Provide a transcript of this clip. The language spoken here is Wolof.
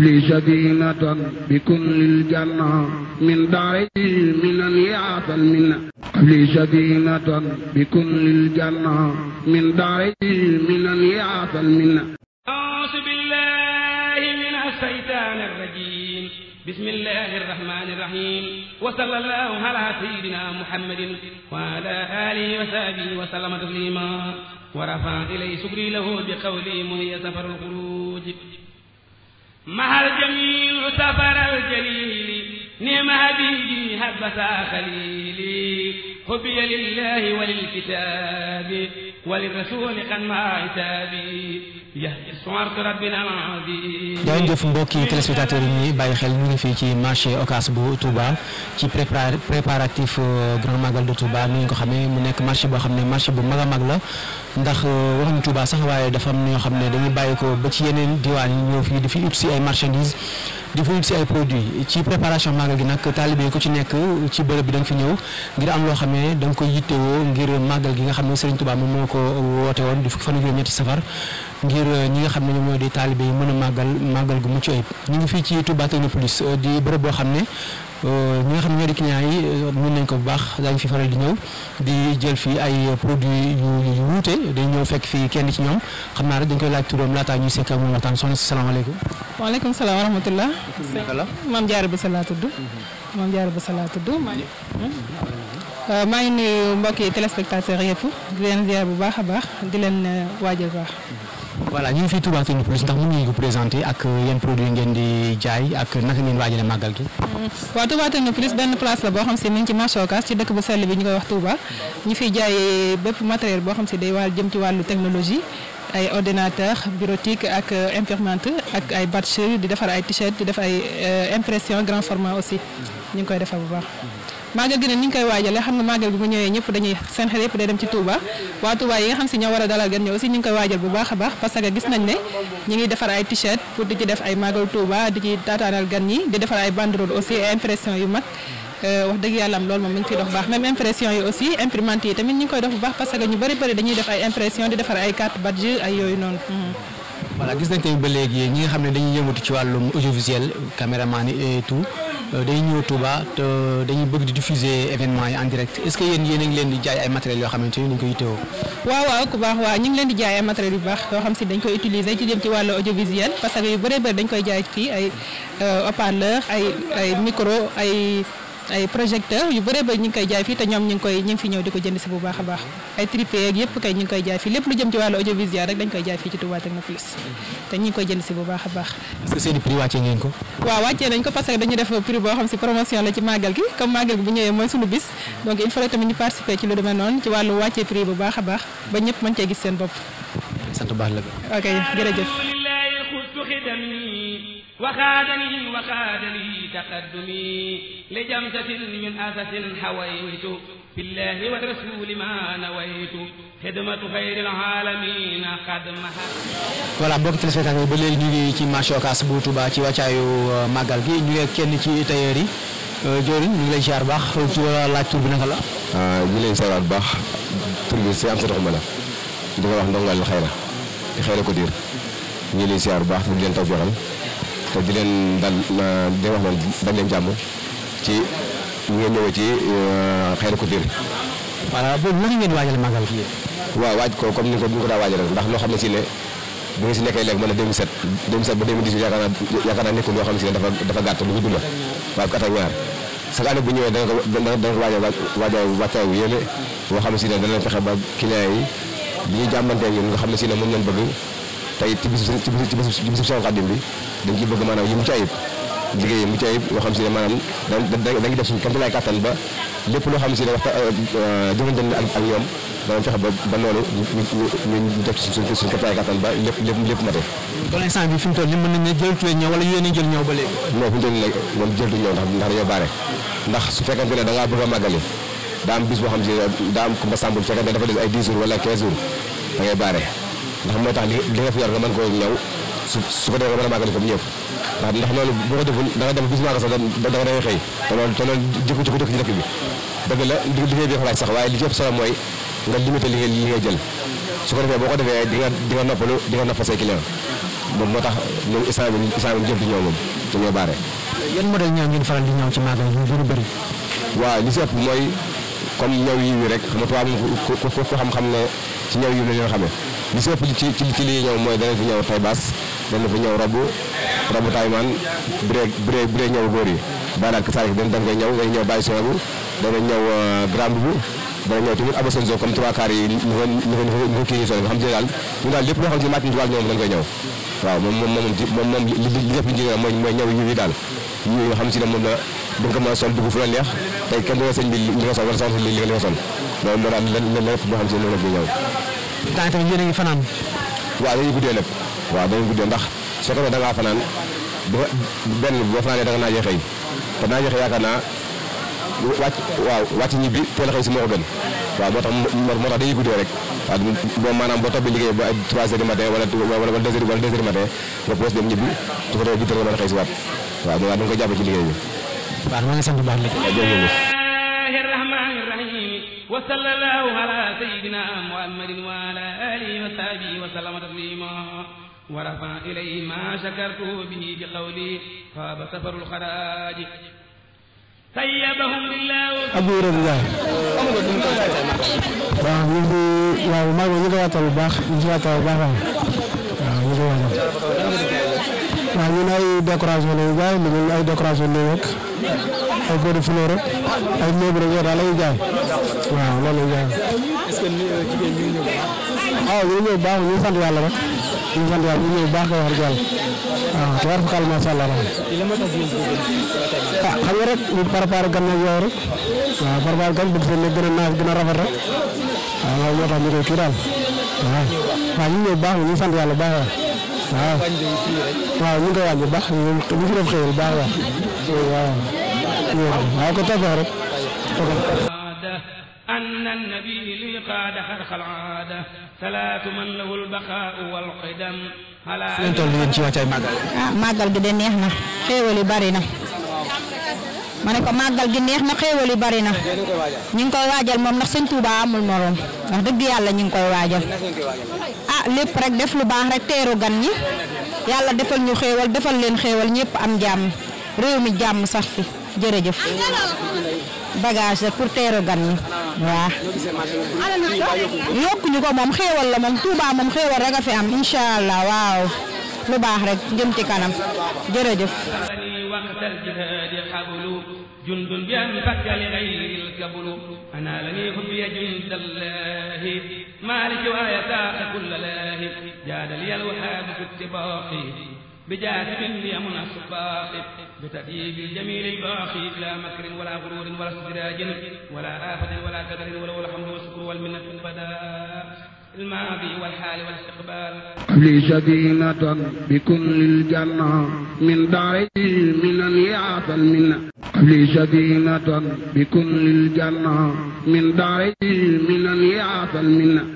li sadinatan bi kullil janna min daari minan yaatal minna li sadinatan bi kullil janna min daari minan yaatal minna أعوذ بالله من الشيطان الرجيم بسم الله الرحمن الرحيم وصلى الله على سيدنا محمد وعلى آله وصحبه وسلم تسليما ورفع إليه سكري له بقوله مهي سفر الخروج mahal jamilu safaral jalili ni mahadi bi habasa xalili حبي لله وللكتاب وللرسول قد ما عتابي jaa jëf mbokki téléspectateurs yi ñuy bàyyi xel ñu ngi fii ci marché Ocass bu Touba ci prépa préparatif euh, grand magal de Touba ni ñu ko xamee mu nekk marché boo xam ne marché bu mag a mag la ndax euh, waxuñu Touba sax waaye dafa am xam ne dañuy bàyyi ko ba ci yeneen diwaan yi ñëw fii di ut si ay marchandises. di fa wut si ay produits ci préparation màggal gi nag taalibe ko ci nekk ci bërëb bi danga fi ñëw ngir am loo xam ne da nga koy yittewoo ngir màggal gi nga xam ne Serigne Touba moom moo ko woote woon di fukki fan ak juróom-ñetti safar ngir ñi nga xam ne ñoom ñoo di taalibe yi mën a màggal màggal gu mucc ayib ñu ngi fii ci Touba Technopolis di bërëb boo xam ne Euh, ñi nga xam ne ñoo di clients yi euh, mën nañ ko bu baax daañu fi faral di ñëw di jël fi ay produits yu yu wuute dañ ñëw fekk fi kenn ci ñoom xam naa rek dañ koy laaj turam laataa ñuy sekk moom waxtaan soo si salaamaaleykum. waaleykum salaam wa rahmatullah. maam Diarra Boussa laa tudd. Mhm. maam Diarra Boussa laa tudd maa ngi. Euh, maa ngi nuyu mbokki téléspectateurs yëpp di leen ziar bu baax a baax di leen waajal baax. voilà ñu ngi fii Touba Technopolis ndax mën ngeen ko présenter ak yan produit ngeen di jaay ak naka ngeen waajale màggal gi. Mm. waaw Touba Technopolis benn place la boo xam si ni ci marché Ocass ci dëkk bu sell bi ñu koy wax Touba ñu fiy jaay bépp matériel boo xam si day wàll jëm ci wàllu technologie ay ordinateur bureautique ak euh, imprimante ak ay batcherie di defar ay t-shirt di def ay euh, impression grand format aussi mhm. ñu ngi koy defar bu baax. màggal mhm. gi nag ni ñu koy waajalee xam nga màggal bi mu ñëwee ñëpp dañuy seen xel yëpp day dem ci Touba waa Touba yi nga xam si ñoo war a dalal gan ñi aussi ñu ngi koy waajal bu baax a baax parce que gis nañ ne ñu ngi defar ay t-shirt pour di ci def ay màggal Touba di ci taataanal gan ñi di defar ay banderole aussi impression yu mag. Euh, wax dëgg yàlla am loolu moom mi ngi ciy dox bu baax même impression yi aussi imprimante yi tamit ñu koy dox bu baax parce que ñu bëri bëri dañuy def ay impression di defar ay carte badge yooyu noonu. Hmm. nañ tey ba léegi ñi nga xam ne dañuy yëngatu ci wàllum audiovisuel caméraman yi et tout euh, dañuy ñëw te euh, dañuy bëgg di diffuser événement yi en direct est a ngi leen di ni waaw waaw ku baax waaw ñu ngi leen di jaay ay matériels yu baax yoo xam si dañ koy utiliser ci jëm ci wàllu audiovisuel parce que yu bëree bëri dañ koy jaay fii ay haut-parleur ay micro ay. ay projecteur yu bëree bëri ñu ngi koy jaay fii te ñoom ñu ngi koy ñu fi ñëw di ko jënd si bu baax a baax ay tripier ak kay ñu ngi koy jaay fii lépp lu jëm ci wàllu audiovisuel rek bu baax a baax est-ce que ko waaw gis seen bopp وخادني وخادني تقدمي لجمسة من أسس حويت في الله والرسول ما نويت xidmatu xayril aalamiin voilà mbokk téléspectateurs ba léegi ñu ngi ci marché bu tubaa ci wàccaayu euh, màggal gi ñu ngi kenn ci tailleur yi euh, jëriñ ñu ngi lay ziar baax ci laaj tur bi naka la. Euh, ñu ngi lay ziaraat baax tur bi si am sa doxuma la di ko wax ndongal xayra di xayra ko diir ñu ngi lay ziar baax di leen taw te di leen dal di wax noonu dal leen jàmm ci ñu ngee ñëwee ci xeeru euh, Couture. voilà boobu naka ngeen waajal màggal waaw waaj ko comme ni ko ni ko daa waajal ndax loo xam ne si ne bu ngeen si nekkee léegi mën a 2007 2007 ba 2018 yaakaar naa naa nekkul loo xam ne si ne dafa dafa gàtt lu gudd la waaw kat ak ñaar chaque année bu ñëwee dana ko dana ko waaj waajal wàccaay bu yéeme boo xam ne si ne dana fexe ba client yi bi ñuy jàmmante ak ñun nga xam ne si ne moom lañ bëgg. tey ci bis ci bis ci bis ci bis Seex Xaadim bi dañ ciy bëgg maanaam yu mucc ayib liggéey mucc ayib yoo xam si ne maanaam da da ngi def suñu kéemtalaay kàttan ba lépp loo xam si ne waxta euh, jëfandikoo na ak ak ñoom danañ fexe ba ba loolu ñu ñu def suñu suñu kéemtalaay kàttan ba lépp lépp lépp mate. kon instant bi fi mu toll nii mën nañu ne jëlatuñu ñëw wala yéen a jël ñëw ba léegi. non fi mu toll nii nag moom jëlatuñu ñëw ndax ndax dañoo baare ndax su fekkante ne da ngaa bëgg a màggali daa am bis boo xam si daa am kumba sàmb bu fekkante dafa des ay 10 jours wala 15 jours da ngay baare ndax moo tax li nga fi yor nga mën koo ñëw su su ko defee mën a màggali comme ñëpp waaw ndax loolu boo ko deful nga dem gis maa da nga day xëy te loolu te loolu bi dëgg la liggéey bi laaj sax waaye li ci ëpp mooy nga limité li li ngay jël su ko defee boo ko defee di nga di nga noppalu di nga noppal moo tax ñoom isaan bi isaan bi jëf di ñëw moom dañoo di ñëw ci màggal yu gën a bëri. waaw li si ëpp mooy comme ñëw yi rek xam nga tubaab ku xam-xam ne ci ñëw yi la ñu xamee li si ëpp ci li ñëw mooy dana fi ñëw taybaas dana fi ñëw rabu rabu taymaan bire bire bire ñëw góor yi baanaak sarik dan daf ngay ñëw ngay ñëw bàyyi dana ñëw euh, grand bu dana ñëw tamit comme trois quarts yi ñu nga xam ne daal ñu daal lépp loo xam ne màcc na ci wàll ñoom dañ koy ñëw waaw moom moom moom moom moom li li lépp ñu mooy mooy ñëw yu yi daal yu nga xam si ne moom la da nga ko mën a sol dugg fu la neex tey kenn du sëñ bi li nga sol wala sol li nga sol loolu moo daal lépp loo xam si la temps yi tamit yéen a ngi fanaan. waaw dañuy guddee lépp waaw dañuy guddee ndax soo ko da ngaa fanaan dafa benn boo fanaanee da nga naajee xëy te naajee xëy yaakaar naa wàcc waaw wàcc ñibbi teel a xëy si moo ko gën waaw moo tax moo tax dañuy guddee rek waaw boo maanaam boo ba ay 3 heures du matin wala wala 2 heures wala 2 heures du matin nga poos dem ñibbi su ko defee 8 heures nga mën a xëy si waat waaw waaw da ci liggéey bi. الكريم وصلى الله على سيدنا محمد وعلى آله وصحبه وسلم تسليما ورفع إليه ما شكرته به بقولي خاب سفر الخراج طيبهم بالله أبو رضا waaw ñu ngi waaw maa ngi ñu waatal bu baax ñu ngi waatal bu baax waaw ñu ngi waatal waaw ñun ay décoration lañu jaay ñu ay décoration lañu rek ay góor fu rek ay léegi rek yow daal la ñuy jaay waaw loolu la ñuy jaay. est-ce que euh, jigéen ñi ñëw waaw ah, ñu ñëw baax ñu sant yàlla rek ñu sant yàlla ñu ñëw baax nga wax jàll waaw ah, te war fa kàll macha allah ah xam nga rek ñu préparé gan ak yow rek waaw préparé gan bëgg seen gën a naaj gën a rafet rek waaw ah, loolu moo tax ñu koy kii daal waaw waaw ñu ñëw baax ñu sant yàlla baax waaw waaw ñu ngi koy wàññi baax ñu fi def xëy baax waaw maa ko tàggat rek. أن النبي لي قاد حرخ العادة ثلاث من له البقاء والقدم هلا انتو اللي ينشي واتاي ماغال ماغال جدا نيحنا خيولي بارينا ma ne ko màggal gi neex na xéewal yi bari na ñu ngi koy waajal moom ndax sëñ Touba amul moroom wax dëgg yàlla ñu ngi koy waajal ah lépp rek def lu baax rek teeru gan ñi yàlla defal ñu xéewal defal leen xéewal ñëpp am jàmm réew mi jàmm sax fi jërëjëf ah, bagage rek pour teeru gan ñi waaw yokkuñu ko moom xéewal la moom Touba moom xéewal rek a fi am incha allah waaw lu baax rek jëm ci kanam jërëjëf جند بأنفك لغير الكبل أنا لني خفي جند الله مالك وآية كل لاهب جاد لي الوهاب في اتباقي بجاذب ليمن السباق بتأديب جميل الباقي لا مكر ولا غرور ولا استدراج ولا آفة ولا قدر وله الحمد والشكر والمنة أبدا الماضي والحال والاستقبال لي سكينة بكل الجنة من دار المنن يا المنة لي سكينة بكل الجنة من دار المنن يا المنة